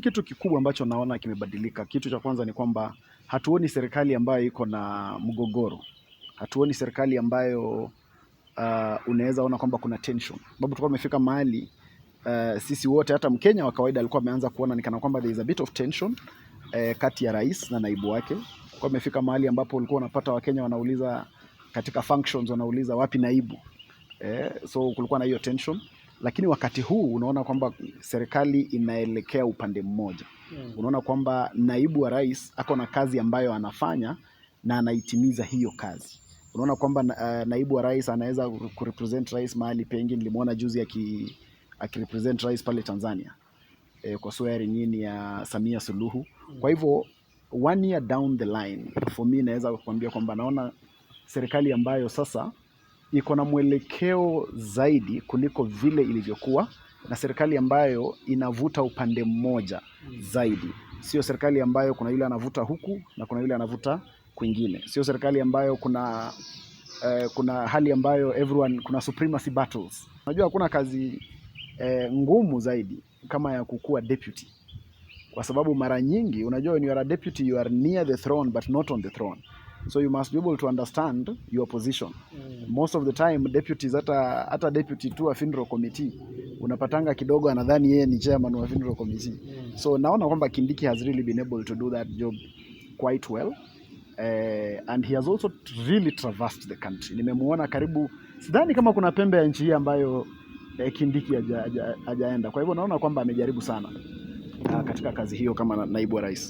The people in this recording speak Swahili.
Kitu kikubwa ambacho naona kimebadilika, kitu cha kwanza ni kwamba hatuoni serikali ambayo iko na mgogoro, hatuoni serikali ambayo uh, unaweza ona kwamba kuna tension, sababu tulikuwa tumefika mahali uh, sisi wote hata Mkenya wa kawaida alikuwa ameanza kuona ni kana kwamba there is a bit of tension uh, kati ya rais na naibu wake. Kwa amefika mahali ambapo ulikuwa unapata Wakenya wanauliza katika functions, wanauliza wapi naibu eh, so kulikuwa na hiyo tension. Lakini wakati huu unaona kwamba serikali inaelekea upande mmoja mm. Unaona kwamba naibu wa rais ako na kazi ambayo anafanya na anaitimiza hiyo kazi. Unaona kwamba uh, naibu wa rais anaweza kurepresent rais mahali pengi. Nilimwona juzi aki akirepresent rais pale Tanzania e, kwa swearing in ya Samia Suluhu mm. Kwa hivyo one year down the line for me naweza kuambia kwamba naona serikali ambayo sasa iko na mwelekeo zaidi kuliko vile ilivyokuwa, na serikali ambayo inavuta upande mmoja zaidi, sio serikali ambayo kuna yule anavuta huku na kuna yule anavuta kwingine, sio serikali ambayo kuna eh, kuna hali ambayo everyone, kuna supremacy battles. Unajua hakuna kazi eh, ngumu zaidi kama ya kukua deputy, kwa sababu mara nyingi unajua, when you are a deputy you are near the throne but not on the throne so you must be able to understand your position mm. Most of the time deputies, hata hata deputy tu wa funeral committee unapatanga kidogo, anadhani yeye ni chairman wa funeral committee mm. So naona kwamba Kindiki has really been able to do that job quite well uh, and he has also really traversed the country. Nimemuona karibu, sidhani kama kuna pembe ya nchi hii ambayo eh, Kindiki hajaenda. Kwa hivyo naona kwamba amejaribu sana uh, katika kazi hiyo kama naibu wa rais.